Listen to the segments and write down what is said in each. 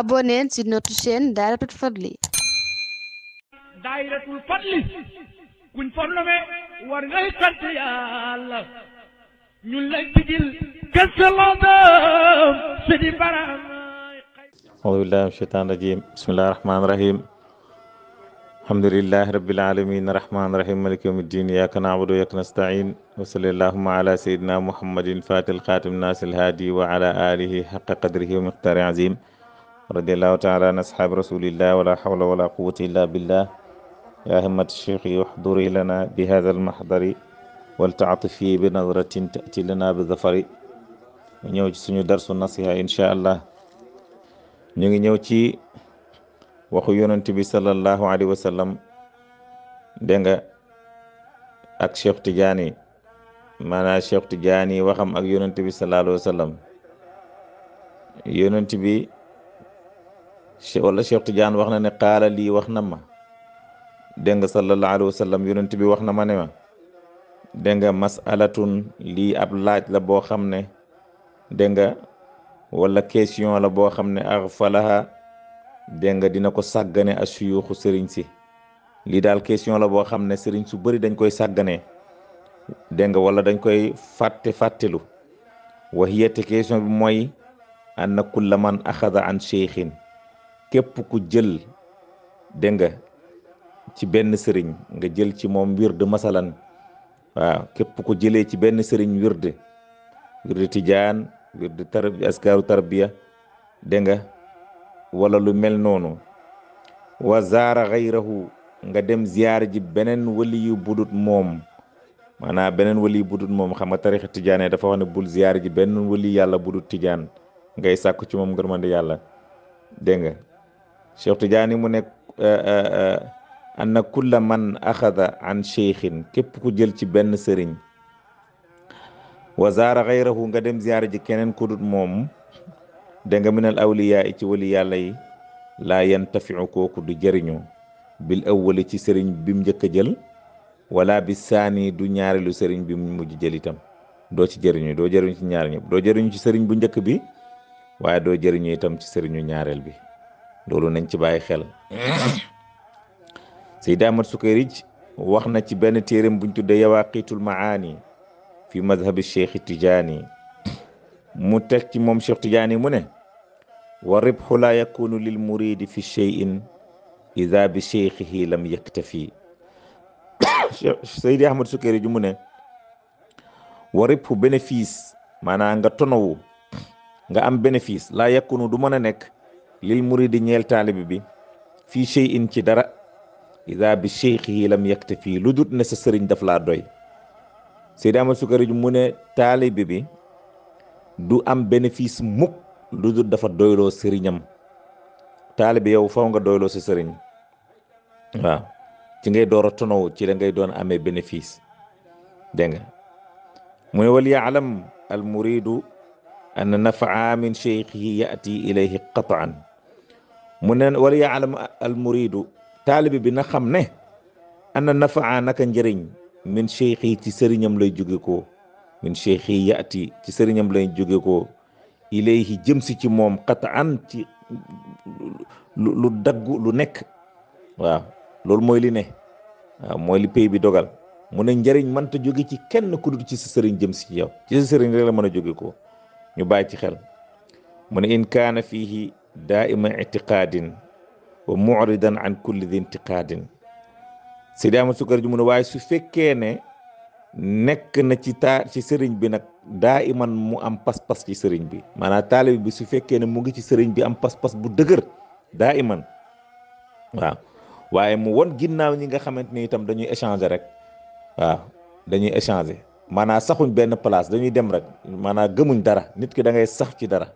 abonnez sur notre chaîne Dahiratoul Fadly Dahiratoul Fadly kuñ fornome war ngay sant yàlla ñun lay tigil kësalaadam sidi baram audu billahi min shaytan rajim bismillahi rahmani rahim alhamdulillahi rabbil alamin rahmani rahim malik yawmi ddin iyyaka na'budu wa iyyaka nasta'in wa salli allahumma ala sayyidina muhammadin fatil khatim nasil hadi wa ala alihi haqqa qadrihi wa miqdari azim radiallahu taala an ashaabi rasulillah wala hawla wala quwata illa billah ya himmat cheikhi wahduri lana bi hada almahdari waltaatifi bi nadratin taati lana bi zafari ñu ñëw ci suñu darsu nasiha inchaa allah ñu ngi ñëw ci waxu yonent bi sallallahu alayhi wa sallam dégg nga ak Cheikh Tidiane maanaam Cheikh Tidiane waxam ak yonent bi sallallahu alayhi wa sallam yonent bi wala Cheikh Tidiane wax na ne xaala lii wax na ma dégg nga sallallahu alayhi wa bi wax na ma ne ma dégg nga masalatun lii ab laaj la boo xam ne dégg nga wala question la boo xam ne axfalaha dégg nga dina ko saggane a suyuuxu sëriñ si lii daal question la boo xam ne sëriñ su bari dañ koy saggane dégg nga wala dañ koy fàtte fàttelu waxiyate question bi mooy anna kulla man an cheikhin képp ku jël dégg nga ci benn sëriñ nga jël ci moom wird masalan waaw képp ku jëlee ci benn sëriñ wird wird tijaan wird tarab askaru tarbiya dégg nga wala lu mel noonu wa zaara xayrahu nga dem ziyaar ji beneen wali yu budut moom maanaam beneen wali budut moom xam nga tarixa tijaane dafa wax ne bul ziyaar ji benn wali yàlla budut tijaan ngay sàkku ci moom ngërmande yàlla dégg Cheikh Tidiane mu nekk eh, eh, eh, anna kula man axada an cheikhin képp jël ci benn sëriñ wa zaara xayrahu nga dem ziyaara ji keneen ku moom danga nga minal awliyaa i ci wali yàlla yi laa yantafiu kooku du jëriñu bil awwali ci sëriñ bi mu njëkk jël wala bi saani du ñaareelu sëriñ bi mu mujj jël itam doo ci jëriñu doo jëriñu ci ñaar doo jëriñu ci sëriñ bu njëkk bi waaye doo jëriñu itam ci sëriñu ñaareel bi loolu nañ ci bàyyi xel Seydi Ahmad Sukayrij wax na ci benn téeram buñ tuddee yawaaqitul maani fi mazhabi cheikh Tijaani mu teg ci moom cheikh Tijaani mu ne wa ribxu laa yakunu lil muridi fi cheyin ida bi cheikhihi lam yaktafi Ahmad Sukayrij mu ne wa ribxu bénéfice maanaam nga tonowu nga am bénéfice laa yakunu du mën a nekk lil muridi ñeel taalibi bi fii shay'in ci dara ida bi cheikhihi lam yaktafi lu dut ne sa sëriñ daf laa doy Seydi Ahmad Sukayrij mu ne taalibi bi du am bénéfice mukk lu dut dafa doyloo sëriñam taalibi yow faw nga doyloo sa sëriñ waaw ci ngay door a tonaw ci la ngay doon amee bénéfice dégg nga mu ne wal yaalam al muridu anna nafaa min cheikhihi yati ilayhi qataan mu ne wala yaalam al muridu taalibe bi na xam ne ana nafaa naka njëriñ min cheikh yi ci sëriñam lay jóge ko min cheikh yi yaati ci sëriñam lay jóge ko ilayhi jëm si ci moom qataan ci lu daggu lu nekk waaw loolu mooy li ne waaw mooy li bi dogal mu ne njëriñ mënta jóge ci kenn ku dul ci sa sëriñ jëm si ci yow ci sa sëriñ rek la mën a jóge ko ñu bàyyi ci xel mu ne in kaana fiihi daaima itiqaadin wa muridan an kulli di intiqaadin Seydi Ahmad Sukar ji mu ne waaye su fekkee ne nekk na ci taa ci sëriñ bi nag daa iman mu am pas-pas ci sëriñ bi maanaam taalib bi su fekkee ne mu ngi ci sëriñ bi am pas-pas bu dëgër daa iman waaw waaye mu won ginnaaw ñi nga xamante ni itam dañuy échanger rek waaw dañuy échanger maanaam saxuñ benn place dañuy dem rek maanaam gëmuñ dara nit ki da ngay sax ci dara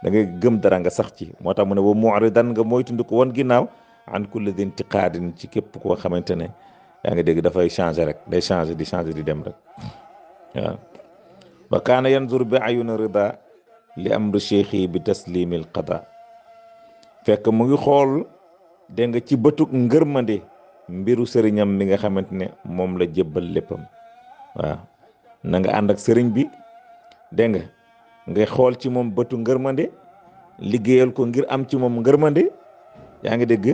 da ngay gëm dara nga sax ci moo tax mu ne wa mu'ridan nga moytandi ko woon ginnaaw an ku din tiqaadin ci képp koo xamante ne yaa ngi dégg dafay changer rek day changer di changer di dem rek waaw wa kaana yanzur bi ayuna rida li amri cheikhi bi taslimil qada fekk mu ngi xool dégg nga ci bëtu ngërmande mbiru sëriñam mi nga xamante ne moom la jébbal léppam waaw na nga ànd ak sëriñ bi dégg nga nga xool ci moom bëtu ngërmande liggéeyal ko ngir am ci moom ngërmande yaa ngi dégg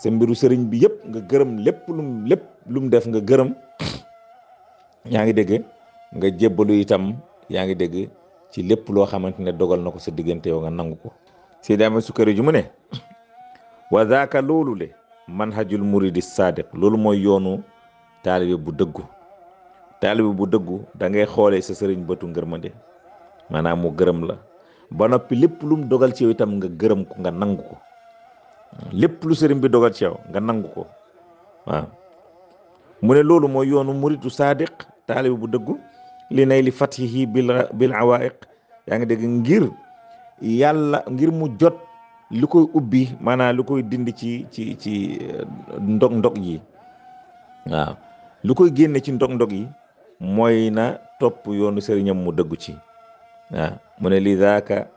sa mbiru sëriñ bi yëpp nga gërëm lépp lum lépp lum def nga gërëm yaa ngi dégg nga jébbalu itam yaa ngi dégg ci lépp loo xamante ne dogal na ko sa diggante yow nga nangu ko si dama sukkari ju mu ne wa zaaka loolu le manhajul muridi sadiq loolu mooy yoonu taalibe bu dëggu taalibe bu dëggu da ngay xoolee sa sëriñ bëtu ngërmande maanaam mu gërëm la ba noppi lépp lu mu dogal ci yow itam nga gërëm ko nga nangu ko lépp lu sëriñ bi dogal ci nga nangu ko waaw mu ne loolu mooy yoonu muritu saadiq taalibi bu dëggu li nay li fatihi bil bil yaa ngi dégg ngir yàlla ngir mu jot lu koy ubbi maanaam lu koy dindi ci ci ci euh, ndog ndog yi waaw lu koy génne ci ndog ndog yi mooy na topp yoonu sëriñam mu dëggu ci waaw ah, mu ne li daaka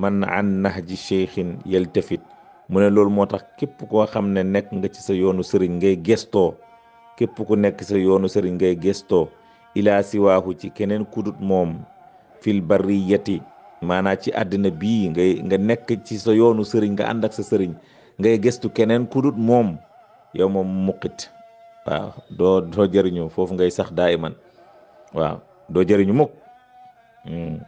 man an nahji cheikhin yaltafit mu ne loolu moo tax képp koo xam ne nekk nga ci sa yoonu sëriñ ngay gestoo képp ku nekk sa yoonu sëriñ ngay gestoo ilaa siwaahu ci keneen kudut moom fil barriyati maanaa ci àddina bii ngay nga nekk ci sa yoonu sëriñ nga ànd ak sa sëriñ ngay gestu keneen kudut moom yow moom muqit waaw doo doo jëriñu foofu ngay sax daayiman waaw doo jëriñu mukk hmm.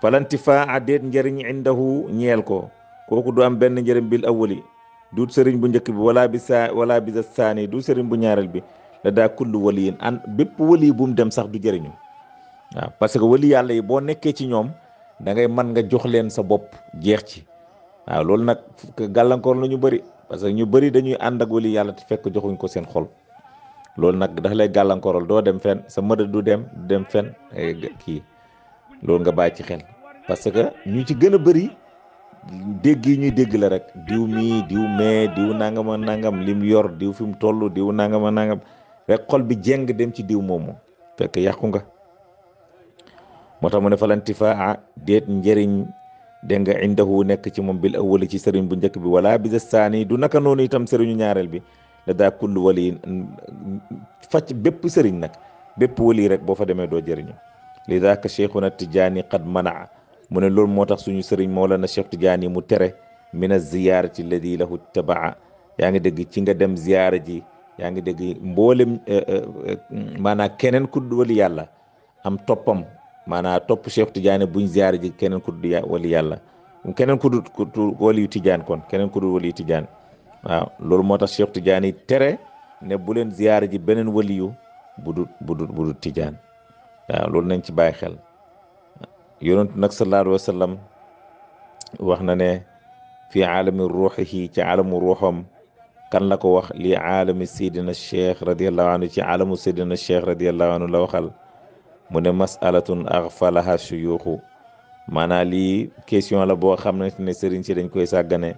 falantifaa adeet njëriñ indahu ñeel ko kooku du am benn njëriñ bil awali du sëriñ bu njëkk bi wala bi saa wala bi saani du sëriñ bu ñaareel bi la daa kullu waliyin an bépp wali bu dem sax du jëriñu waaw parce que wali yàlla yi boo nekkee ci ñoom da ngay mën nga jox leen sa bopp jeex ci waaw loolu nag gàllankoor la ñu bëri parce que ñu bëri dañuy ànd ak wali yàlla te fekk joxuñ ko seen xol loolu nag dafa lay gàllankooral doo dem fen sa mëdë du dem dem fenn kii loolu nga bàyyi ci xel parce que ñu ci gën a bëri dégg yi ñuy dégg la rek diw mii diw mee diw nangama nangam lim yor diw fi mu toll diw nangama nangam rek xol bi jeng dem ci diw moomu fekk yàqu nga moo tax mu ne falantifaa ah, déet njëriñ dégg nga indahu nekk ci moom bil awwali ci sëriñ bu njëkk bi wala bi saani du naka noonu itam sëriñu ñaareel bi la daa kull wali facc bépp sëriñ nag bépp wali rek boo fa demee doo jëriñu li daaka cheikhuna tijaani qad manaa mu ne loolu moo tax suñu sëriñ Mawlana Cheikh Tijaani mu tere min a ziyaarati alladi lahu tabaa yaa ngi dégg ci nga dem ziyaara ji yaa ngi dégg mboolem maanaam keneen ku dul wali yàlla am toppam maanaam topp Cheikh Tijaani buñ ziyaara ji keneen ku dul wali yàlla keneen ku dul waliyu Tijaan kon keneen ku dul waliyu Tijaan waaw loolu moo tax Cheikh Tijaani tere ne bu leen ziyaara ji beneen waliyu bu dul bu dul bu dul lool loolu nañ ci bàyyi xel yonent nag sallallahu alayhi wa wax na ne fii aalami ruuxihi ci aalamu ruuxam kan la ko wax lii aalami seydina cheikh radiallahu anhu ci aalamu seydina cheikh radiallahu anhu la waxal mu ne masalatun axfalaha suyuuxu maanaam lii question la boo xam ne sëriñ si dañ koy sàggane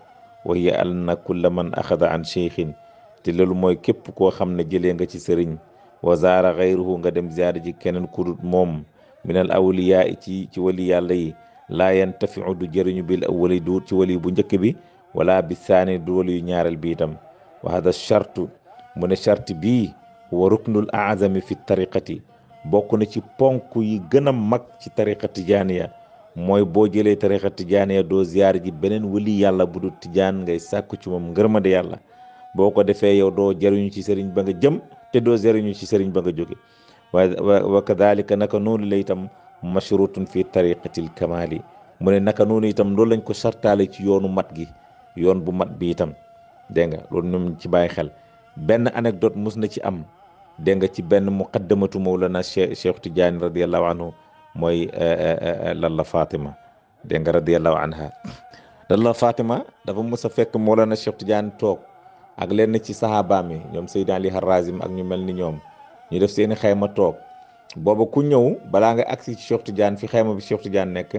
wa hiya anna kulla man axada an cheikhin te loolu mooy képp koo xam ne jëlee nga ci sëriñ wa zaara xayruhu nga dem ziyaara ji keneen kudut moom minal awliyaa ci ci wali yàlla yi laa yantafiu du jëriñu bil awali du ci wali bu njëkk bi walaa bi saani du wali yu ñaareel bi itam wa hada chartu mu ne charte bii wa ruknul azami fi tariqati bokk na ci ponk yi gën a mag ci tariqa tijaaniya mooy boo jëlee tariqa tijaaniya doo ziyaara ji beneen wali yàlla bu dul tijaan ngay sàkku ci moom ngërmande yàlla boo ko defee yow doo jariñu ci sëriñ ba nga jëm te doo jariñu ci sëriñ ba nga jóge wa wa kadalika naka noonu la itam mashrutun fi tariqatil kamali mu ne naka noonu itam loolu lañ ko sartaale ci yoonu mat gi yoon bu mat bi itam dégg nga loolu ci bàyyi xel benn anecdote mus na ci am dégg nga ci benn muqaddamatu mawlana Cheikh Cheikh Tidiane radiallahu anhu mooy eh, eh, eh, lalla Fatima dégg nga radiallahu anha lalla Fatima dafa mos a fekk mawlana Cheikh Tidiane toog ak lenn ci saxaabaam mi ñoom Seydina Ali Harazim ak ñu mel ni ñoom ñu def seeni xayma toog booba ku ñëw balaa nga agsi ci Cheikh Tidiane fi xayma bi Cheikh jaan nekk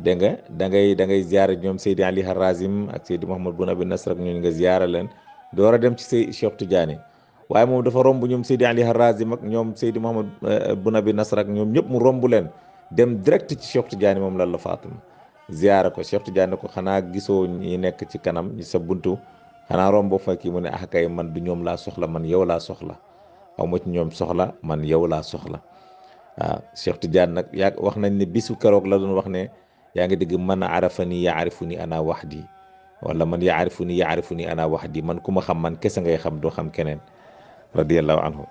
dégg nga da ngay da ngay ziyaara ñoom Seydina Ali Harazim ak Seydi Mouhamad Boun Abi Nasr ak ñooñu nga ziyaara leen door dem ci say Cheikh Tidiane waaye moom dafa romb ñoom Seydi Ali Harazim ak ñoom Seydi Mouhamad eh, Boun Abi Nasr ak ñoom ñëpp mu romb leen dem direct ci Cheikh Tidiane moom lan la Fatima ziyaara ko Cheikh Tidiane ko xanaa gisoo ñi nekk ci kanam ñi sa buntu xanaa romb boo fa kii mu ne ah kay man du ñoom laa soxla man yow laa soxla aw ma ci ñoom soxla man yow laa soxla waaw ah, Cheikh Tidiane nag yaa wax nañ ne bisu keroog la doon wax ne yaa ngi dégg man arafa ni yaarifu ni ana wax di wala man yaarifu ni yaarifu ni ana wax di man ku ma xam man kese ngay xam doo xam keneen radiallahu anhu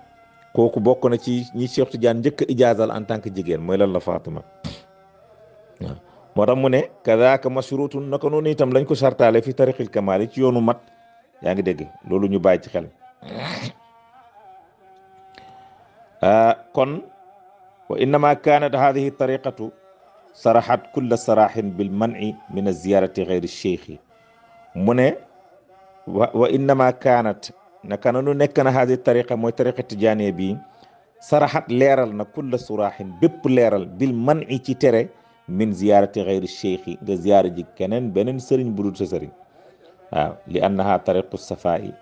kooku bokk na ci ñi Cheikh Tidiane njëkk a ijaazal tant que jigéen mooy lan la Fatima waaw moo tax mu ne kadaaka mashrutun naka noonu itam lañ ko sartaale fi tariqil kamaal ci yoonu mat yaa ngi dégg loolu ñu bàyyi ci xel ah, kon wa innama kanat hadihi tariqatu saraxat kulla saraxin bil mani min aziyarati xeyri cheikhi mu ne wa wa innama kanat naka nanu nekk na hadihi tariqa mooy tariqa bi saraxat leeral na kulla suraxin bépp leeral bil man ci tere min ziyarati xeyri cheikhi nga ziyaara ji keneen beneen sëriñ bu dul waaw li annaha tariqu safaa yi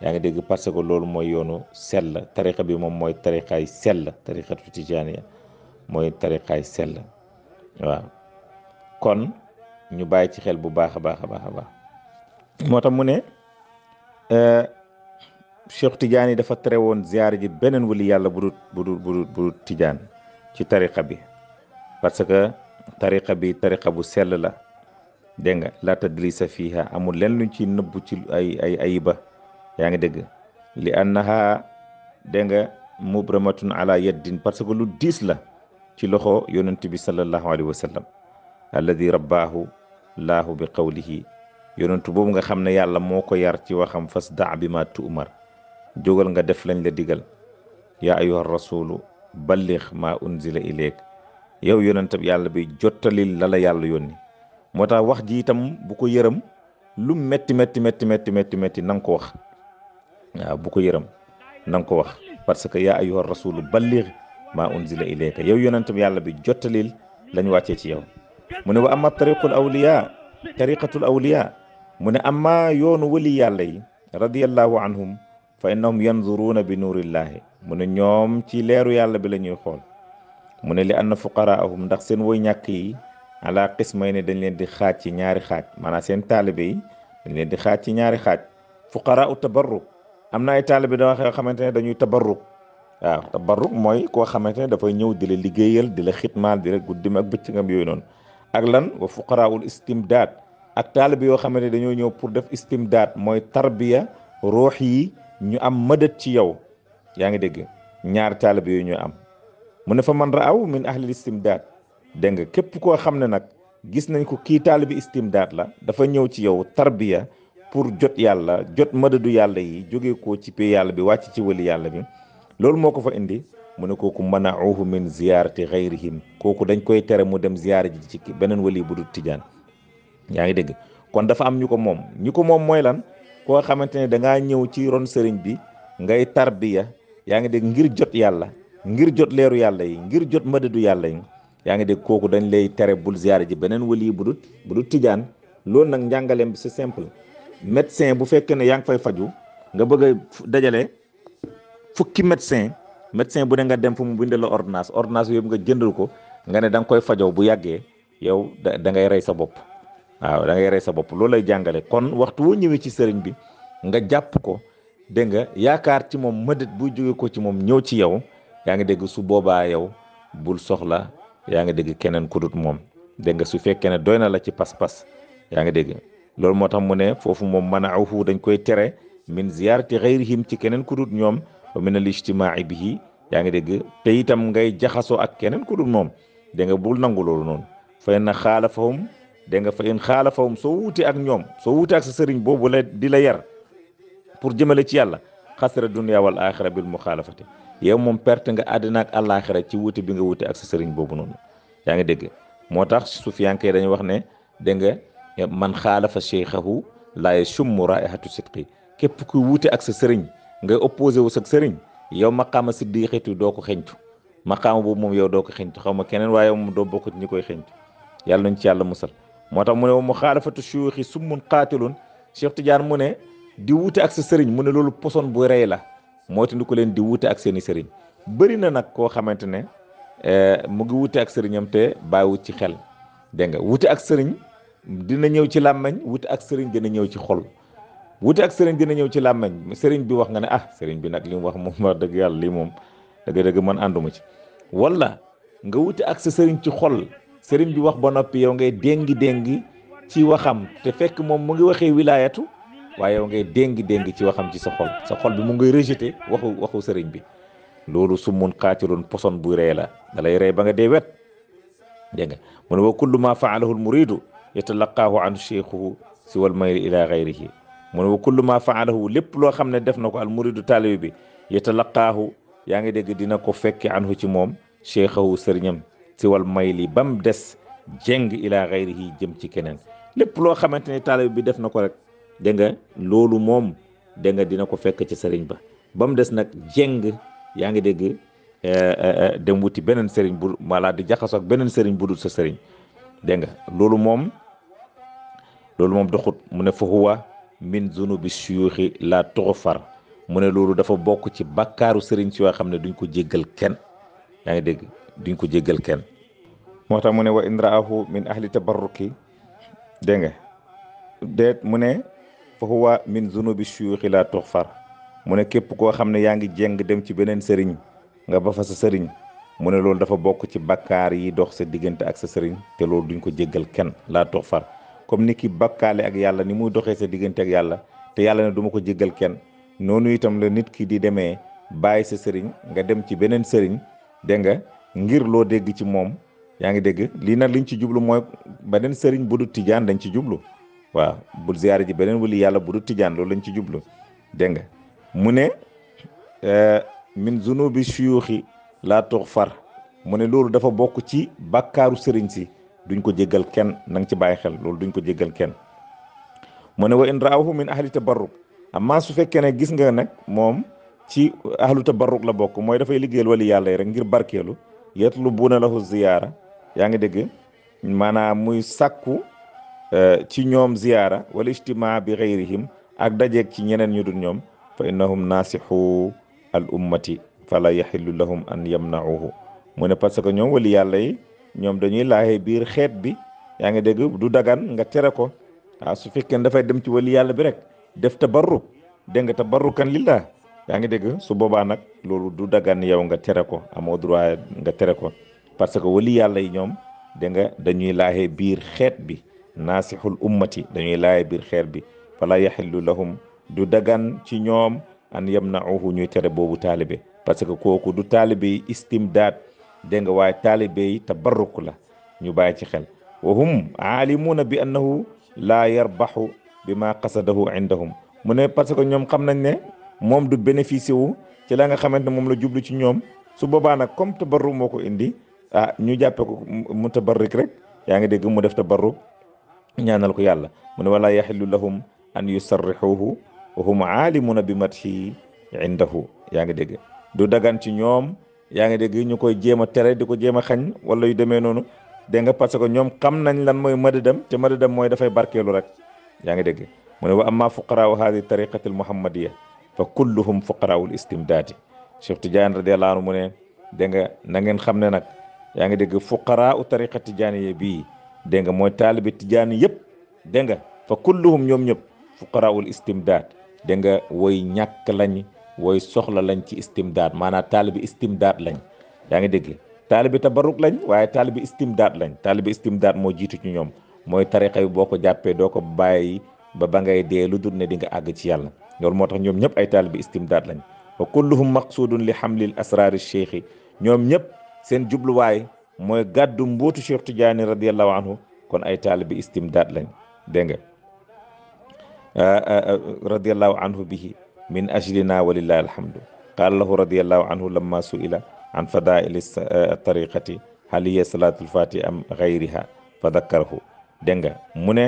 yaa ngi dégg parce que loolu mooy yoonu sell tariqa bi moom mooy tariqaay sell tariqatu tijaaniya mooy tariqaay sell waaw kon ñu bàyyi ci xel bu baax a baax a baax a baax moo tax mu ne euh, Cheikh Tidiane yi dafa tere woon ziyaar ji beneen wali yàlla bu dul bu dul bu dul Tidiane ci tariqa bi parce que tariqa bi tariqa bu sell la dégg nga la tadrisa fiha amul len luñ ci nëbbu ci ay ay ayiba yaa ngi dégg li annaha dégg nga mubramatun ala yeddin parce que lu diis la ci loxo yonent bi sallallahu alayhi wa sallam alladi rabbaahu laahu bi qawlihi yonent boobu nga xam ne yàlla moo ko yar ci waxam fas daa bi ma tuumar jógal nga def lañ la digal yaa ayyuha rasulu balligh ma unzila ilayk yow yonentab yàlla bi jottalil la la yàlla yónni moo tax wax ji itam bu ko yërëm lu metti metti metti metti metti metti na ko wax waaw bu ko yërëm na ko wax parce que yaa ayyuha rasulu balligh maa unzila ilayka yow yonentam yàlla bi jottalil lañ wàccee ci yow mu ne wa amma tariqul awliya tariqatul awliya mu ne amma yoonu wali yàlla yi radiyallahu anhum fa innahum yanzuruuna bi nuurillahi mu ne ñoom ci leeru yàlla bi la ñuy xool mu ne li anna fuqaraahum ndax seen woy ñàkk yi ala qismay ne dañ leen di xaaj ci ñaari xaaj maanaam seen taalibe yi dañ leen di xaaj ci ñaari xaaj fuqara u tabarruk am na ay taalibe danga xamante ne dañuy tabarruk waaw tabarruk mooy koo xamante ne dafay ñëw di la liggéeyal di la xitmaal di la guddim ak bëccëgam yooyu noonu ak lan wa fuqaraul istimdaad ak taalibe yoo xamante ne dañoo ñëw pour def istimdaad mooy tarbiya ruux yi ñu am mëdët ci yow yaa ngi dégg ñaari taalibe yooyu ñoo am mu ne fa man raaw min ahlil istimdaad dégg nga képp koo xam ne nag gis nañ ko kii taalibi daat la dafa ñëw ci yow tarbiya pour jot yàlla jot madadu yàlla yi jóge ko ci pee yàlla bi wàcc ci wali yàlla bi loolu moo ko fa indi mu ne kooku manauhu min ziyaarati xayrihim kooku dañ koy tere mu dem ziyaara ji ci beneen wali bu dul tijaan yaa ngi dégg kon dafa am ñu ko moom ñu ko moom mooy lan koo xamante ne dangaa ñëw ci ron sëriñ bi ngay tarbiya yaa ngi dégg ngir jot yàlla ngir jot leeru yàlla yi ngir jot madadu yàlla yi yaa ngi dégg kooku dañ lay tere bul ziyaare ji beneen wali bu dul bu du tijaan loolu nag njàngaleem bi c'est simple médecin bu fekkee ne yaa ngi fay faju nga bëgg a dajale fukki médecin médecin bu ne nga dem fu mu bindal la ordonnance ordonnance yooyu nga jëndal ko nga ne danga koy fajoo bu yàggee yow da ngay rey sa bopp waaw da ngay rey sa bopp loolu lay jàngale kon waxtu woo ñëwee ci sëriñ bi nga jàpp ko dégg nga yaakaar ci moom mëdët buy jóge ko ci moom ñëw ci yow yaa ngi dégg su boobaa yow bul soxla yaa ngi dégg keneen ku moom dégg nga su fekkee ne doy na la ci pas-pas yaa ngi dégg loolu moo tax mu ne foofu moom manaahu dañ koy tere min ziyaarati xayrihim ci keneen ku dut ñoom wa min al bi bihi yaa ngi dégg te itam ngay jaxasoo ak keneen ku moom dégg nga bul nangu loolu noonu fa in xaalafahum dégg nga fa in xaalafahum soo wuute ak ñoom soo wuute ak sa sëriñ boobu la di la yar pour jëmale ci yàlla xasra dunya wal axira bil muxaalafati yow moom perte nga àddina ak àllaaxira ci wuute bi nga wuute ak sa sëriñ boobu noonu yaa ngi dégg moo tax sufiyanke dañuy wax ne dégg nga man xaala xaalafa cheikhahu laaye summu raihatu sidqi képp ku wuute ak sa sëriñ nga opposé wu sa sëriñ yow maqaama siddiqitu doo ko xeñtu maqaama boobu moom yow doo ko xeñtu xaw ma keneen waaye moom doo bokk ci ñi koy xeñtu yàlla nañ ci yàlla sal moo tax mu ne mu xaalafatu suyuxi summun qaatilun Cheikh Tidiane mu ne di wuute ak sa sëriñ mu ne loolu poson bu rey la moo moytandiku ko leen di wuute ak seeni i sëriñ bëri na nag koo xamante ne eh, mu ngi wuute ak sëriñam te bàyyiwu ci xel dégg nga wuute ak sëriñ dina ñëw ci làmmañ wuute ak sëriñ dina ñëw ci xol wuute ak sëriñ dina ñëw ci làmmañ sëriñ bi wax nga ne ah sëriñ bi nag li wax moom wax dëgg yàlla lii moom dëgg-dëgg man ànduma ci wala nga wuute ak sa sëriñ ci xol sëriñ bi wax ba noppi yow ngay déngi déngi ci waxam te fekk moom mu ngi waxee wilaayatu waaye yow ngay déng-déng ci waxam ci sa xol sa xol bi mu ngay rejeté waxu waxu sëriñ bi loolu summun xaatilun poson buy ree la da lay rey ba nga dee wet dégg nga mu ne wa kullu ma faalahu almuridu yatalaqaahu an cheikhuhu si wal mayri ila gayrihi mu ne wa kullu ma faalahu lépp loo xam ne def na ko al almuridu taalibi bi yatalaqaahu yaa ngi dégg dina ko fekki anhu ci moom cheikhahu sëriñam si wal mayli bam des jeng ila gayrihi jëm ci keneen lépp loo xamante ne taalibi bi def na ko rek dégg nga loolu moom dégg nga dina ko fekk ci sëriñ ba ba mu des nag jeng yaa ngi dégg eh, eh, eh, dem wuti beneen sëriñ bu walla di jaxasoo beneen sëriñ bu dul sa sëriñ dégg nga loolu moom loolu moom doxut mu ne fa huwa min zunubi suyuuxi la tuxfar mu ne loolu dafa bokk ci bakkaaru sëriñ si yoo xam ne duñ ko jéggal kenn yaa ngi dégg duñ ko jéggal kenn moo tax mu ne wa indraahu min ahli tabarruki dégg nga deet mu fa waa min zunubi shuyuxi la far mu ne képp koo xam ne yaa ngi jéng dem ci beneen sëriñ nga ba fa sa sëriñ mu ne loolu dafa bokk ci bakkaar yi dox sa diggante ak sa sëriñ te loolu duñ ko jéggal kenn laa tuxfar comme ni ki bakkaale ak yàlla ni muy doxee sa diggante ak yàlla te yàlla ne duma ko jéggal kenn noonu itam la nit ki di demee bàyyi sa sëriñ nga dem ci beneen sëriñ dégg nga ngir loo dégg ci moom yaa ngi dégg lii nag liñ ci jublu mooy beneen sëriñ bu du tijaan dañ ci jublu waaw bul ziyaare ji beneen wuli yàlla bu du tijaan loolu lañ ci jublu dégg nga mu ne euh, min zunubi suyuuxi laa tox far mu ne loolu dafa bokk ci bàkkaaru sëriñ si duñ ko jéggal kenn na ci bàyyi xel loolu duñ ko jéggal kenn mu ne wa in raahu min ahli tabarruk amma su fekkee ne gis nga nag moom ci ahlu tabarruk la bokk mooy dafay liggéeyal wali yàlla yi rek ngir barkeelu yetlu buuna lahu ziyaara yaa ngi dégg maanaam muy sàkku ci ñoom ziyaara wala ijtimaa bi xayrihim ak dajeeg ci ñeneen ñu dul ñoom fa innahum naasixu al ummati fala yaxillu lahum an yamnauhu mu ne parce que ñoom wali yàlla yi ñoom dañuy laaye biir xeet bi yaa ngi dégg du dagan nga tere ko su fekkee ne dafay dem ci wali yàlla bi rek def tabarruk dégg nga tabarrukan lillah yaa ngi dégg su boobaa nag loolu du dagan yow nga tere ko amoo droit nga tere ko parce que wali yàlla yi ñoom dégg nga dañuy laaye biir xeet bi naasixul ummati dañuy laaya biir xeer bi fala yaxillu lahum du dagan ci ñoom an yamnauhu ñuy tere boobu taalibe parce que kooku du taalibe yi istimdaad dégg nga waaye taalibe yi tabarruk la ñu bàyyi ci xel wa hum aalimuuna bi annahu laa yarbaxu bi maa ma qasadahu indahum mu ne parce que ñoom xam nañ ne moom du bénéficier wu ci la nga xamante moom la jublu ci ñoom su boobaa nag comme tabarruk moo ko indi ah ñu jàppe ko mu tabarruk rek yaa ngi dégg mu def tabarruk ñaanal ko yàlla mu ne wala yaxillu lahum an yusarrixuhu wa hum aalimuuna bi matxi indahu yaa ngi dégg du dagan ci ñoom yaa ngi dégg ñu koy jéem tere di ko jéem a xañ wala yu demee noonu dégg nga parce que ñoom xam nañ lan mooy madadam te madadam mooy dafay barkeelu rek yaa ngi dégg mu ne wa amma fuqaraau haadi tariqati al muhammadiya fa kulluhum fuqaraawul istimdaadi Cheikh Tidiane radiallahu anhu mu ne dégg nga na ngeen xam ne nag yaa ngi dégg fuqaraau tariqa tijaaniya bii dégg nga mooy taalibe tijaani yëpp dégg nga fa kulluhum ñoom ñëpp fuqaraul istimdaad dégg nga woy ñàkk lañ woy soxla lañ ci istimdaad maanaam taalibe istimdaad lañ yaa ngi dégg taalibe tabarruk lañ waaye taalibe istimdaad lañ taalibe istimdaad moo jiitu ci ñoom mooy tariqa bi boo ko jàppee doo ko bàyyi ba ba ngay dee lu dul ne di nga àgg ci yàlla loolu moo tax ñoom ñëpp ay taalibe istimdaad lañ wa kulluhum maqsuudun li xamlil asraari cheikhi ñoom ñëpp seen jubluwaay mooy gàddu mbootu Cheikh Tidiane radiallahu anhu kon ay taalibi istimdaad lañ dégg nga ah, ah, ah, radiallahu anhu bihi min ajlina walillahi alhamdu qaala lahu radiallahu anhu lamma suila an fadaili tariqati hal hiya salaatul fati am gayriha fa dakkarahu dégg nga mu ne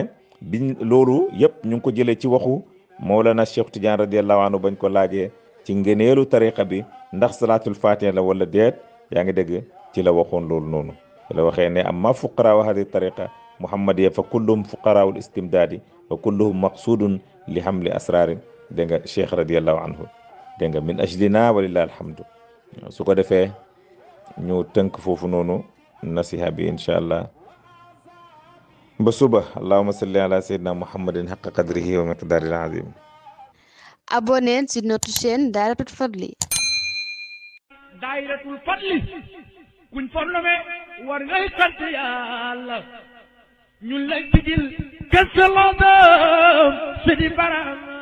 biñ loolu yëpp ñu ngi ko jëlee ci waxu Mawlana Cheikh Tidiane radiallahu anhu bañ ko laajee ci ngëneelu tariqa bi ndax salaatul fati la wala déet yaa ngi dégg ci la waxoon loolu noonu ci la waxee ne amma fuqaraa wa hadi tariqa muhammadiya fa kulluhum fuqaraawul istimdaadi wa kulluhum maqsuudun li hamli asraarin dégg nga cheikh radiallahu anhu dégg nga min ajlina walillahi alhamdu su ko defee ñu tënk foofu noonu nasiha bi incha allah ba suba allahuma salli ala sayyidina muhammadin haqqa qadrihi wa miqdaaril azim abonnez si notre chaîne Dahiratoul Fadly Dahiratoul Fadly kuñ fa nomee war ngay sant yàlla ñun lañ digil kese loo doom si di baram